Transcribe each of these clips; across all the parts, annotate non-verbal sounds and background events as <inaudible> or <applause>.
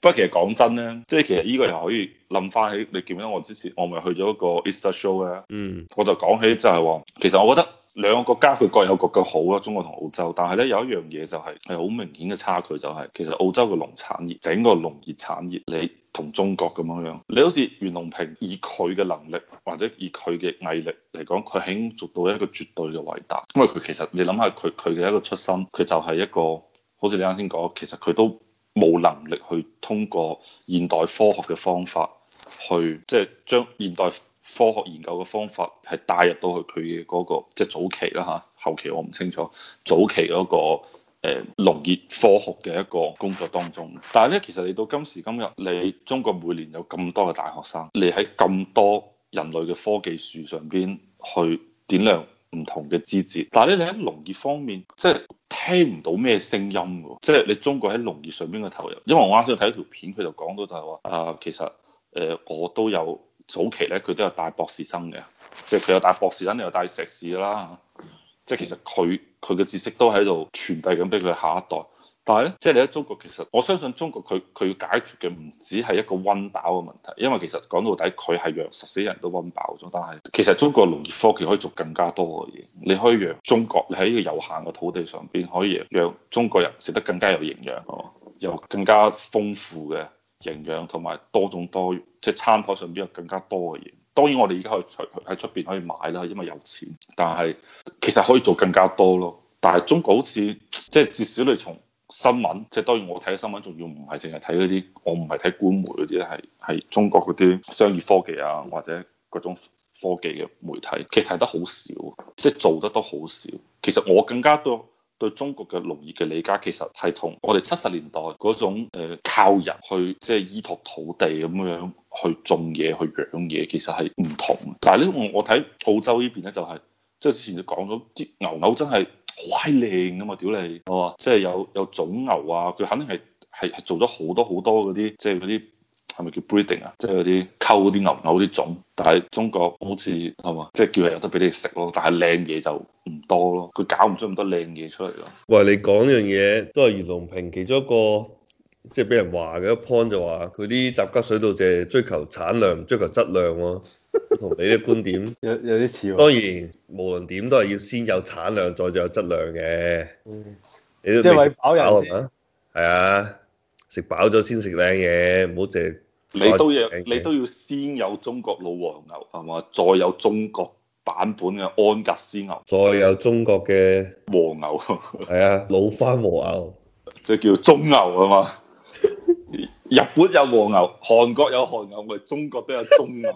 不過其實講真咧，即係其實呢個又可以諗翻起你見唔到我之前，我咪去咗一個 Easter Show 咧。嗯。我就講起就係話，其實我覺得兩個國家佢各有各嘅好啦，中國同澳洲。但係咧有一樣嘢就係係好明顯嘅差距，就是，就係其實澳洲嘅農產業，整個農業產業你同中國咁樣樣，你好似袁隆平以佢嘅能力或者以佢嘅毅力嚟講，佢已經做到一個絕對嘅偉大。因為佢其實你諗下佢佢嘅一個出身，佢就係一個好似你啱先講，其實佢都。冇能力去通過現代科學嘅方法去，即係將現代科學研究嘅方法係帶入到去佢嘅嗰個即係早期啦嚇，後期我唔清楚。早期嗰個誒農業科學嘅一個工作當中，但係咧，其實你到今時今日，你中國每年有咁多嘅大學生，你喺咁多人類嘅科技樹上邊去點亮唔同嘅枝節，但係咧，你喺農業方面即係。聽唔到咩聲音喎，即係你中國喺農業上邊嘅投入，因為我啱先睇咗條片，佢就講到就係話啊，其實誒、呃、我都有早期咧，佢都有帶博士生嘅，即係佢有帶博士生，你又帶碩士啦，即係其實佢佢嘅知識都喺度傳遞緊俾佢下一代。但係咧，即係你喺中國，其實我相信中國佢佢要解決嘅唔只係一個溫飽嘅問題，因為其實講到底，佢係養十四人都溫飽咗。但係其實中國農業科技可以做更加多嘅嘢，你可以養中國，你喺呢個有限嘅土地上邊可以養中國人食得更加有營養，有更加豐富嘅營養，同埋多種多即係餐枱上邊有更加多嘅嘢。當然我哋而家可以喺出邊可以買啦，因為有錢，但係其實可以做更加多咯。但係中國好似即係至少你從新聞，即係當然我，我睇嘅新聞仲要唔係淨係睇嗰啲，我唔係睇官媒嗰啲咧，係係中國嗰啲商業科技啊，或者各種科技嘅媒體，其實睇得好少，即係做得都好少。其實我更加對對中國嘅農業嘅理解，其實係同我哋七十年代嗰種靠人去即係依託土地咁樣去種嘢去養嘢，其實係唔同。但係咧，我我睇澳洲呢邊咧就係、是。即係之前就講咗啲牛牛真係好閪靚啊嘛，屌你，係嘛、oh？即係有有種牛啊，佢肯定係係係做咗好多好多嗰啲，即係嗰啲係咪叫 breeding 啊？即係嗰啲溝嗰啲牛牛啲種。但係中國好似係嘛？即係叫佢有得俾你食咯，但係靚嘢就唔多咯，佢搞唔出咁多靚嘢出嚟咯。喂，你講呢樣嘢都係袁隆平其中一個即係俾人話嘅一 point 就話佢啲雜交水稻淨係追求產量，唔追求質量喎。同 <laughs> 你啲觀點有有啲似喎。當然，無論點都係要先有產量，再有質量嘅。嗯、你都即係餵飽人先。係啊，食飽咗先食靚嘢，唔好淨。你都要你都要先有中國老黃牛係嘛，再有中國版本嘅安格斯牛，再有中國嘅和牛。係 <laughs> 啊，老番和牛，即係叫中牛係嘛？ <laughs> 日本有和牛，韓國有韓牛，咪中國都有中牛。 <laughs>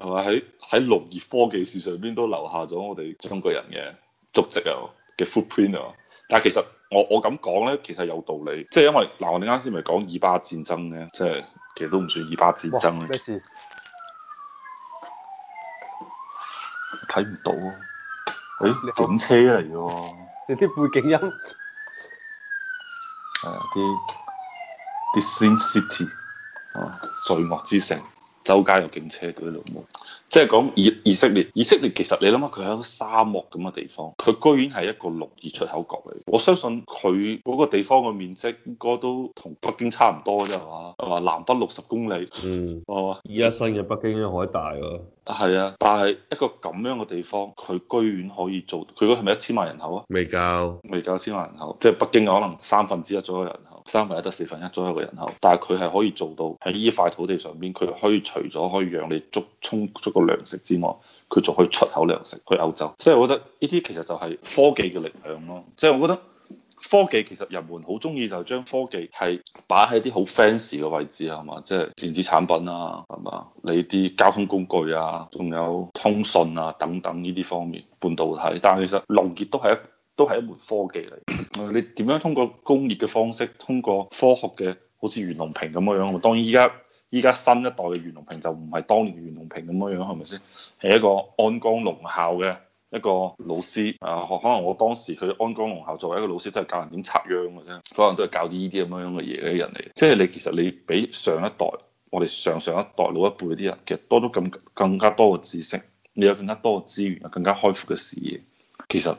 係咪喺喺農業科技史上邊都留下咗我哋中國人嘅足跡啊嘅 footprint 啊？但係其實我我咁講咧，其實有道理，即係因為嗱、呃，我哋啱先咪講以巴戰爭咧，即係其實都唔算以巴戰爭。睇唔到。啊、欸，誒好，本車嚟㗎？啲背景音係、呃、啊，啲 Sin City 啲罪惡之城。周街有警車到啲，老即係講以、以色列，以色列其實你諗下佢喺沙漠咁嘅地方，佢居然係一個農業出口國嚟。我相信佢嗰個地方嘅面積應該都同北京差唔多嘅啫，係嘛？啊，南北六十公里，嗯，係嘛、哦？依家新嘅北京都好大喎。係、嗯、啊，但係一個咁樣嘅地方，佢居然可以做，佢嗰係咪一千萬人口啊？未夠到，未夠千萬人口，即係北京可能三分之一左右人口。三分一得四分一左右嘅人口，但係佢係可以做到喺呢塊土地上邊，佢可以除咗可以讓你足充足個糧食之外，佢仲可以出口糧食去歐洲。即係我覺得呢啲其實就係科技嘅力量咯。即係我覺得科技其實人們好中意就將科技係擺喺啲好 fancy 嘅位置啊，係嘛，即係電子產品啊，係嘛，你啲交通工具啊，仲有通訊啊等等呢啲方面半導體，但係其實農業都係一。都係一門科技嚟，你點樣通過工業嘅方式，通過科學嘅，好似袁隆平咁嘅樣。當然依家依家新一代嘅袁隆平就唔係當年袁隆平咁嘅樣，係咪先？係一個安江農校嘅一個老師。啊，可能我當時佢安江農校作為一個老師，都係教人點插秧嘅啫。可能都係教啲呢啲咁樣嘅嘢嘅人嚟。即係你其實你比上一代，我哋上上一代老一輩啲人，其實多咗咁更，更加多嘅知識，你有更加多嘅資源，有更加開闊嘅視野，其實。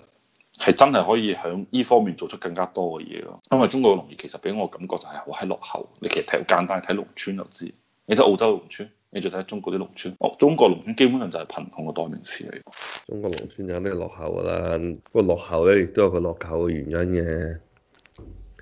係真係可以喺呢方面做出更加多嘅嘢咯，因為中國嘅農業其實俾我感覺就係好喺落後，你其實睇簡單睇農村就知，你睇澳洲農村，你再睇中國啲農村，哦、中國農村基本上就係貧窮嘅代名詞嚟。中國農村肯定係落後㗎啦，不過落後咧亦都有佢落後嘅原因嘅。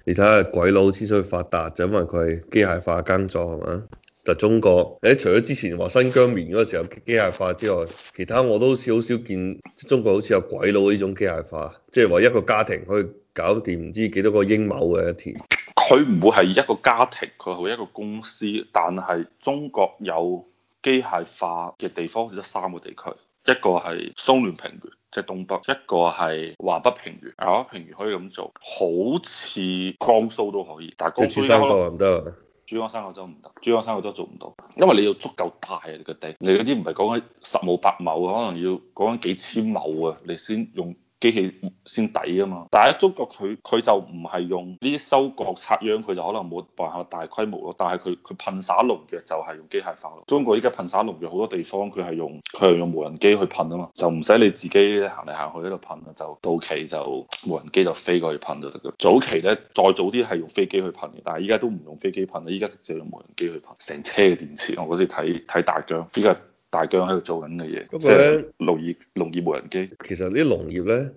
而且係鬼佬之所以發達就因為佢機械化耕作係嘛？就中國，誒，除咗之前話新疆棉嗰時候機械化之外，其他我都好似好少見中國好似有鬼佬呢種機械化，即係話一個家庭可以搞掂唔知幾多個英畝嘅一條。佢唔會係一個家庭，佢係一個公司。但係中國有機械化嘅地方只得三個地區，一個係松嫩平原即係、就是、東北，一個係華北平原，華北平原可以咁做，好似江蘇都可以，但係江蘇。珠三角唔得。珠江三角洲唔得，珠江三角洲做唔到，因為你要足夠大啊！你個地，你嗰啲唔係講緊十畝百畝啊，可能要講緊幾千畝啊，你先用。機器先抵啊嘛，但係中國佢佢就唔係用呢啲收割插秧，佢就可能冇辦法大規模咯。但係佢佢噴灑農藥就係用機械化咯。中國依家噴灑農藥好多地方佢係用佢係用無人機去噴啊嘛，就唔使你自己行嚟行去喺度噴啊，就到期就無人機就飛過去噴就得㗎。早期咧，再早啲係用飛機去噴嘅，但係依家都唔用飛機噴啦，依家直接用無人機去噴，成車嘅電池。我嗰時睇睇大疆依家。大疆喺度做緊嘅嘢，不過咧農業農業無人機，其實呢啲農業咧，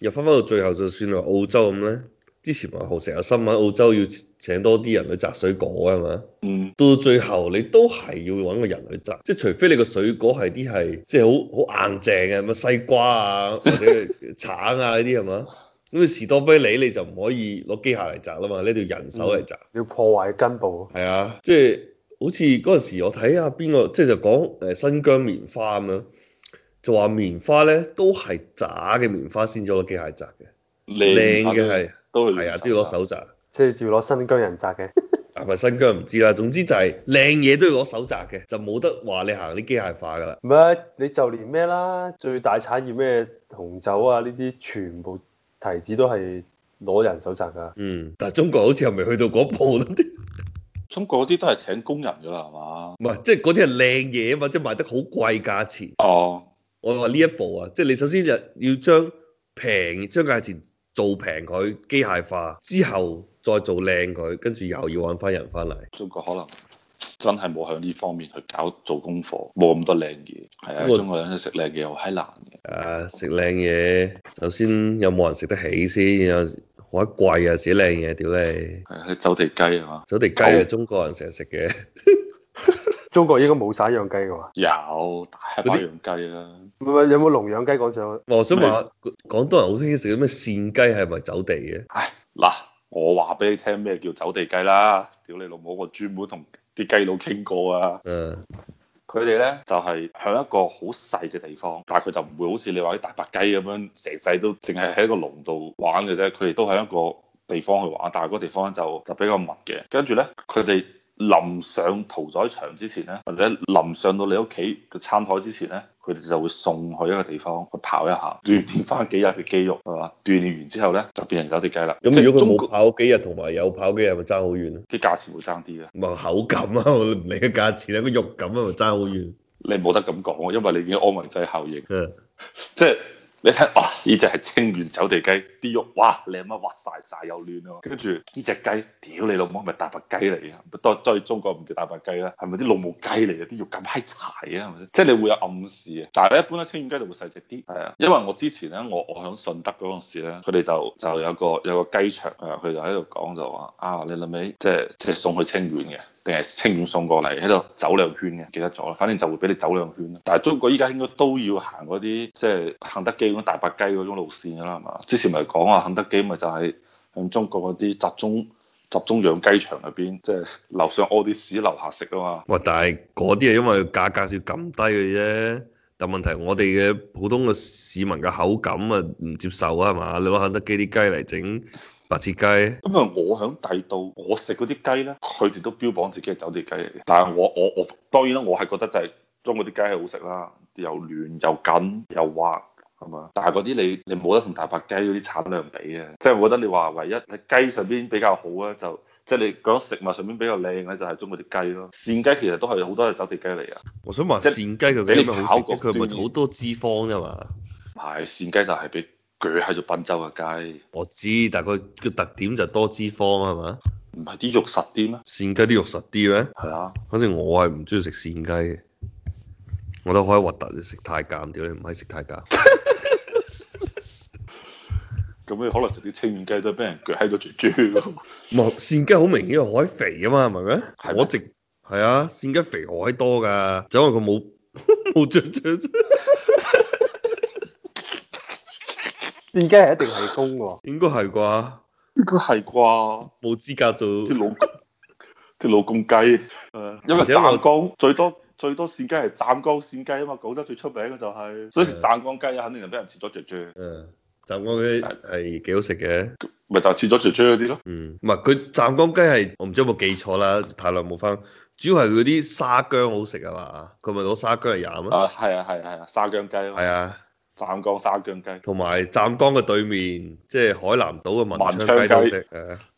又翻翻到最後，就算係澳洲咁咧，之前咪好成日新聞澳洲要請多啲人去摘水果啊嘛，嗯，到最後你都係要揾個人去摘，即係除非你個水果係啲係即係好好硬淨嘅，咪西瓜啊 <laughs> 或者橙啊呢啲係嘛，咁你、啊、士多啤梨你就唔可以攞機械嚟摘啦嘛，你要人手嚟摘、嗯，要破壞根部，係啊，即係。好似嗰陣時我，我睇下邊個，即係就講、是、誒新疆棉花咁樣，就話棉花咧都係渣嘅棉花先攞機械摘嘅，靚嘅係，是都係啊，都要攞手摘，即係要攞新疆人摘嘅，啊 <laughs> 係咪新疆唔知啦，總之就係靚嘢都要攞手摘嘅，就冇得話你行啲機械化㗎啦。唔係，你就連咩啦，最大產業咩紅酒啊呢啲，全部提子都係攞人手摘㗎。嗯，但係中國好似又未去到嗰步咯。 <laughs> 中國嗰啲都係請工人㗎啦，係嘛？唔係，即係嗰啲係靚嘢或者即賣得好貴價錢。哦，oh. 我話呢一步啊，即係你首先就要將平，將價錢做平佢機械化，之後再做靚佢，跟住又要揾翻人翻嚟。中國可能真係冇向呢方面去搞做功課，冇咁多靚嘢。係啊，因為 中國人想食靚嘢好閪難嘅。誒，食靚嘢，首先有冇人食得起先，然好貴啊！死靚嘢，屌你！係啊，走地雞啊，嘛？走地雞啊，中國人成日食嘅。 <laughs> 中國應該冇晒、啊嗯、養雞㗎喎。有大黑馬養雞啦。有冇籠養雞講上？我想問下廣的東人好中意食咩扇雞，係咪走地嘅？唉，嗱，我話俾你聽咩叫走地雞啦！屌你老母，我專門同啲雞佬傾過啊。嗯。佢哋咧就係向一個好細嘅地方，但係佢就唔會好似你話啲大白雞咁樣成世都淨係喺一個籠度玩嘅啫。佢哋都喺一個地方去玩，但係嗰個地方就就比較密嘅。跟住咧，佢哋臨上屠宰場之前咧，或者臨上到你屋企嘅餐台之前咧，佢哋就會送去一個地方去跑一下，鍛鍊翻幾日嘅肌肉係嘛？鍛鍊完之後咧就變成走啲雞啦。咁、嗯、即如果佢冇跑幾日同埋有跑幾日，咪爭好遠咯？啲價錢會爭啲嘅。唔係口感啊，唔理價錢啦、啊，個肉感啊咪爭好遠。你冇得咁講啊，因為你見安慰劑效應的 <laughs> 即係。你睇哇，呢隻係清遠走地雞，啲肉哇靚乜，滑晒晒又嫩喎。跟住呢隻雞，屌你老母咪大白雞嚟啊！都都喺中國唔叫大白雞啦，係咪啲老母雞嚟啊？啲肉咁閪柴啊，係咪即係你會有暗示啊。但係一般咧，清遠雞就會細隻啲。係啊，因為我之前咧，我我喺順德嗰陣時咧，佢哋就就有個有個雞場啊，佢就喺度講就話啊，你諗起即係即係送去清遠嘅。定係清遠送過嚟喺度走兩圈嘅，記得咗。反正就會俾你走兩圈。但係中國依家應該都要行嗰啲即係肯德基嗰大白雞嗰種路線㗎啦，係嘛？之前咪講話，肯德基咪就係向中國嗰啲集中集中養雞場入邊，即係樓上屙啲屎，樓下食啊嘛。喂，但係嗰啲係因為價格要撳低嘅啫。但問題我哋嘅普通嘅市民嘅口感啊，唔接受啊，係嘛？你話肯德基啲雞嚟整。白切雞，因為，我喺帝度，我食嗰啲雞咧，佢哋都標榜自己係走地雞嚟嘅。但係我我我當然啦，我係覺得就係中國嗰啲雞係好食啦，又嫩又緊又滑，係嘛？但係嗰啲你你冇得同大白雞嗰啲產量比嘅，即、就、係、是、我覺得你話唯一喺雞上邊比較好咧，就即係、就是、你講食物上邊比較靚嘅，就係、就是就是、中國嗰啲雞咯。扇雞其實都係好多係走地雞嚟啊！我想問下，扇即雞佢俾你考過佢好多脂肪啫嘛？係，扇雞就係俾。佢喺度品走嘅雞，我知，但係佢個特點就多脂肪啊，係嘛？唔係啲肉實啲咩？扇雞啲肉實啲咩？係啊，反正我係唔中意食扇雞嘅，我都海核突，食太鹹屌你，唔可以食太鹹。咁你可能食啲清遠雞都俾人鋸喺度煮豬咯。唔係，扇雞好明顯係海肥啊嘛，係咪咩？係嗎啊，扇雞肥海多噶，就因為佢冇冇雀雀啫。 <laughs> <laughs> 騸雞係一定係公嘅，應該係啩？應該係啩？冇資格做條老，條老公雞。係因為湛江最多最多騸雞係湛江騸雞啊嘛，廣州最出名嘅就係所以湛江雞啊，肯定係俾人切咗雀雀。嗯，湛江雞係幾好食嘅，咪就切咗雀雀嗰啲咯。嗯，唔係佢湛江雞係，我唔知有冇記錯啦，太耐冇翻，主要係佢啲沙薑好食啊嘛，佢咪攞沙薑嚟飲咯。啊，係啊係啊係啊，沙薑雞咯。係啊。湛江沙姜雞，同埋湛江嘅對面，即、就、係、是、海南島嘅文昌雞都食，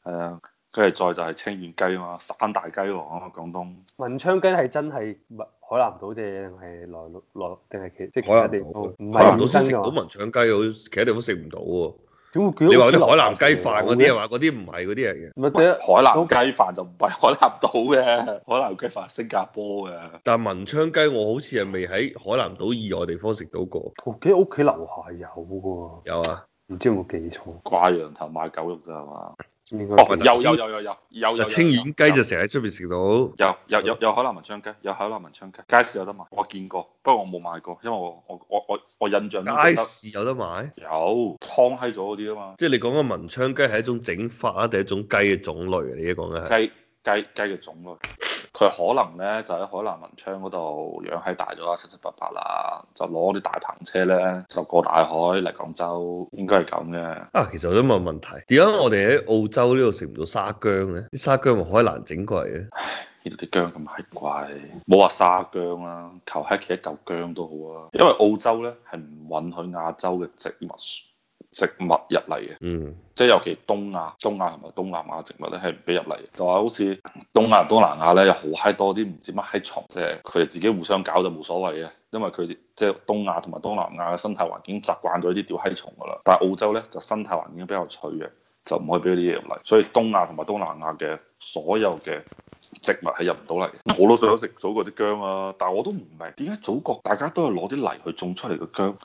係啊，跟住再就係清遠雞啊嘛，三大雞喎，啊廣東文昌雞係、啊啊啊、真係海南島嘅定係來來定係其即係其他地方？海南島先食、哦、到文昌雞，佢其他地方食唔到喎。你話啲海南雞飯嗰啲係話嗰啲唔係嗰啲嚟嘅，海南雞飯就唔係海南島嘅，海南雞飯新加坡嘅。但文昌雞我好似係未喺海南島以外地方食到過。我記得屋企樓下有喎。有啊。唔知有冇記錯？掛羊頭賣狗肉啫係嘛？哦，有有有有有有清遠雞，就成日喺出邊食到，又有有有有海南文昌雞，有海南文昌雞，街市有得賣。我見過，不過我冇買過，因為我我我我我印象街市有得賣，有劏閪咗嗰啲啊嘛，即係你講個文昌雞係一種整法啊，定係一種雞嘅種類啊？你而家講緊係雞雞雞嘅種類。佢可能咧就喺海南文昌嗰度養起大咗啊，七七八八啦，就攞啲大棚車咧就過大海嚟廣州，應該係咁嘅。啊，其實都冇問題，點解我哋喺澳洲呢度食唔到沙姜咧？啲沙姜係海南整過嚟嘅。唉，呢度啲姜咁貴，冇話沙姜啦，啊，求乞其一嚿姜都好啊。因為澳洲咧係唔允許亞洲嘅植物。植物入嚟嘅，嗯、即係尤其東亞、中亞同埋東南亞植物咧，係唔俾入嚟嘅。就話好似東亞、東南亞咧，有好嗨多啲唔知乜嗨蟲嘅，佢哋自己互相搞就冇所謂嘅，因為佢哋即係東亞同埋東南亞嘅生態環境習慣咗啲屌嗨蟲㗎啦。但係澳洲咧就生態環境比較脆弱，就唔可以俾啲嘢入嚟，所以東亞同埋東南亞嘅所有嘅植物係入唔到嚟。我都想食祖國啲姜啊，但係我都唔明點解祖國大家都係攞啲泥去種出嚟嘅姜。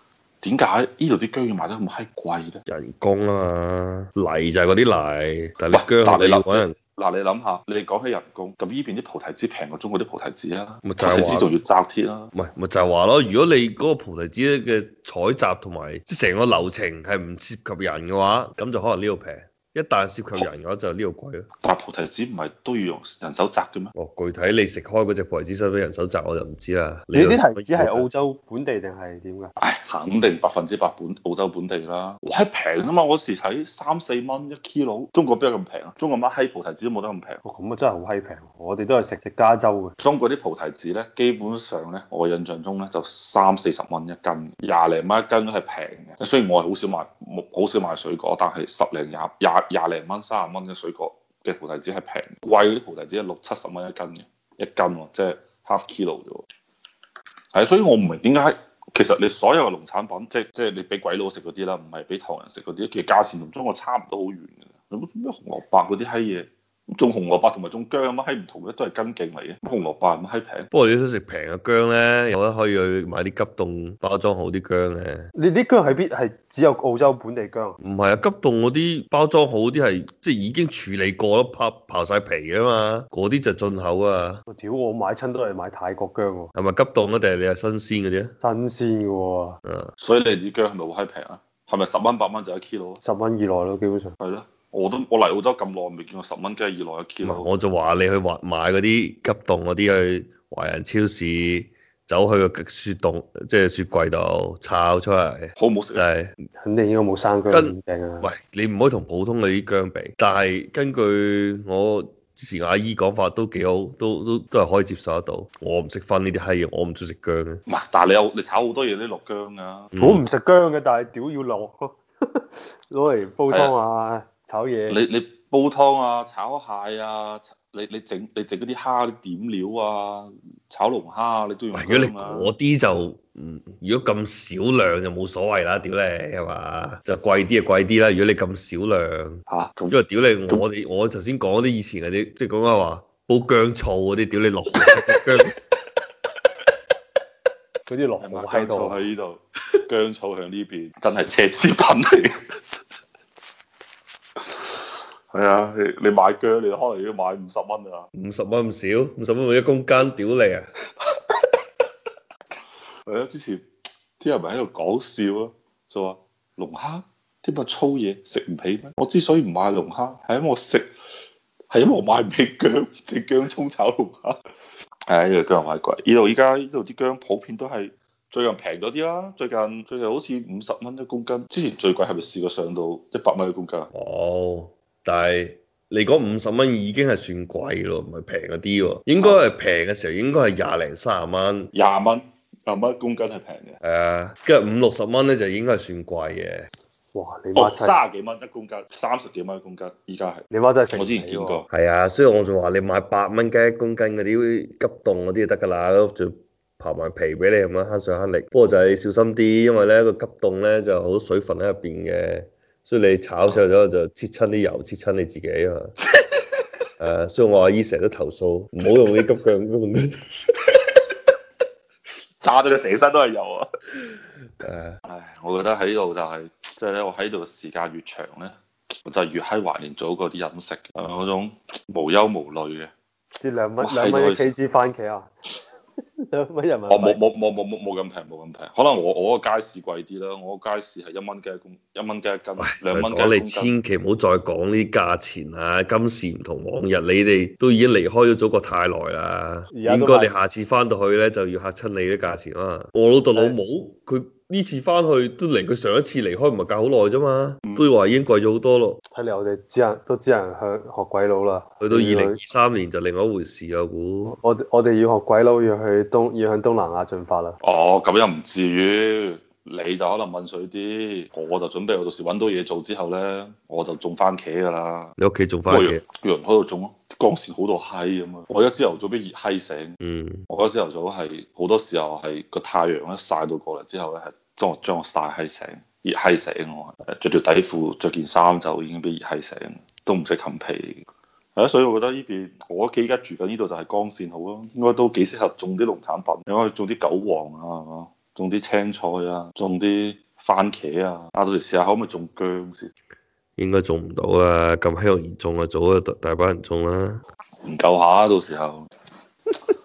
點解呢度啲姜要賣得咁閪貴咧？人工啊，嘛，泥就係嗰啲泥，但係你姜你要搵人。嗱你諗下，你哋講起人工，咁呢邊啲菩提子平過中國啲菩提子啊？就菩提子仲要紮鐵啦。唔係，咪就係話咯，如果你個菩提子嘅採集同埋即成個流程係唔涉及人嘅話，咁就可能呢度平。一旦涉及人嘅話，就呢個貴咯。但菩提子唔係都要用人手摘嘅咩？哦，具體你食開嗰隻菩提子使唔使人手摘，我就唔知啦。你啲提子係澳洲本地定係點㗎？唉、哎，肯定百分之百本澳洲本地啦。哇，平啊嘛！我時睇三四蚊一 kilo，中國邊有咁平啊？中國乜閪菩提子都冇得咁平。咁啊、哦、真係好閪平，我哋都係食隻加州嘅。中國啲菩提子咧，基本上咧，我印象中咧就三四十蚊一斤，廿零蚊一斤都係平嘅。雖然我係好少買好少買水果，但係十零廿廿廿零蚊、三十蚊嘅水果嘅葡提子係平，貴嗰啲葡提子係六七十蚊一斤嘅一斤喎，即係 half kilo 啫喎。係，所以我唔明點解其實你所有農產品，即係即係你俾鬼佬食嗰啲啦，唔係俾唐人食嗰啲，其實價錢同中國差唔多好遠㗎。你做咩紅蘿蔔嗰啲閪嘢？種紅蘿蔔同埋種薑咁閪唔同嘅，都係根莖嚟嘅。紅蘿蔔咁閪平，不過你想食平嘅薑咧，又可以去買啲急凍包裝好啲薑嘅。你啲薑係必係只有澳洲本地薑？唔係啊，急凍嗰啲包裝好啲係即係已經處理過咯，刨刨晒皮啊嘛，嗰啲就進口啊。我屌，我買親都係買泰國薑。係咪急凍啊？定係你係新鮮嗰啲啊？新鮮嘅喎。嗯。所以你啲薑係咪好閪平啊？係咪十蚊八蚊就一 kilo？十蚊以內咯，基本上。係咯。我都我嚟澳洲咁耐，未見過十蚊雞以內嘅 key 我就話你去買嗰啲急凍嗰啲去華人超市走去個雪凍，即係雪櫃度炒出嚟，好唔好食？就係肯定應該冇生姜咁正啊！喂，你唔可以同普通嘅啲姜比，但係根據我之前阿姨講法都幾好，都都都係可以接受得到。我唔食番呢啲閪嘢，我唔中意食姜嘅。唔係，但係你有你炒好多嘢都落姜㗎。我唔食姜嘅，但係屌要落咯，攞嚟煲湯啊！炒嘢，你你煲湯啊，炒蟹啊，你煮你整你整嗰啲蝦啲點料啊，炒龍蝦你都要用、啊、如果你嗰啲就，如果咁少量就冇所謂啦，屌你係嘛，就貴啲就貴啲啦。如果你咁少量，吓，咁因為，屌你，我哋我頭先講啲以前嗰啲，即係講緊話煲姜醋嗰啲，屌你落姜，嗰啲落冇喺度，姜醋喺呢度，姜醋響呢邊，真係奢侈品嚟。 <laughs> 係啊，你你買薑，你可能要買五十蚊啊。五十蚊唔少，五十蚊我一公斤屌你啊！係啊，之前啲人咪喺度講笑咯，就話龍蝦啲咁粗嘢，食唔起咩？我之所以唔買龍蝦，係因為我食係因為我買唔起薑，隻薑葱炒龍蝦。係呢個薑又賣貴，呢度依家呢度啲薑普遍都係最近平咗啲啦。最近最近好似五十蚊一公斤，之前最貴係咪試過上到一百蚊一公斤？哦。但係你講五十蚊已經係算貴咯，唔係平一啲喎。應該係平嘅時候應該，應該係廿零三十蚊。廿蚊，廿蚊一公斤係平嘅。係啊，跟住五六十蚊咧就應該係算貴嘅。哇，你哇，三十幾蚊一公斤，三十幾蚊一公斤，而家係。你話真係我之前睇過。係啊，所以我就話你買八蚊雞一公斤嗰啲急凍嗰啲就得噶啦，就刨埋皮俾你咁樣慳水慳力。不過就係小心啲，因為咧個急凍咧就好水分喺入邊嘅。所以你炒上咗就切親啲油，切親你自己啊，誒， <laughs> uh, 所以我阿姨成日都投訴，唔好用啲急醬咁樣， <laughs> <laughs> 炸到你成身都係油啊。誒， <laughs> 唉，我覺得喺度就係、是，即係咧，我喺度時間越長咧，我就越喺懷念早嗰啲飲食，誒，嗰種無憂無慮嘅。啲兩蚊兩蚊幾支番茄啊！ <laughs> 兩蚊人民幣哦，冇冇冇冇冇冇咁平，冇咁平。可能我我個街市貴啲啦，我個街市係一蚊雞一公，一蚊雞一斤。喂，我你千祈唔好再講呢啲價錢啦，啊，今時唔同往日，你哋都已經離開咗祖國太耐啦，應該你下次翻到去咧就要嚇親你啲價錢啊！我老豆老母佢。是呢次翻去都離佢上一次離開唔係隔好耐啫嘛，都要話已經貴咗好多咯。睇嚟，我哋只能都只能向學鬼佬啦，去到二零二三年就另外一回事啊估。我我哋要學鬼佬，要去東要向東南亞進發啦。哦，咁又唔至於，你就可能溫水啲，我就準備我到時搵到嘢做之後咧，我就種番茄噶啦。你屋企種番茄？人喺度種光線好到閪咁啊！我而家朝頭早俾熱閪醒，mm. 我覺得朝頭早係好多時候係個太陽一晒到過嚟之後咧，係將我將我曬閪醒，熱閪醒我。着著條底褲，着件衫就已經俾熱閪醒，都唔使冚被。係啊，所以我覺得呢邊我屋企而家住緊呢度就係光線好咯，應該都幾適合種啲農產品。你可以種啲韭黃啊，係種啲青菜啊，種啲番茄啊。啊到時，你試下可唔可以種姜先？應該做唔到啊，咁閪嚴重啊，早啊大把人中啦，唔夠下到時候。 <laughs>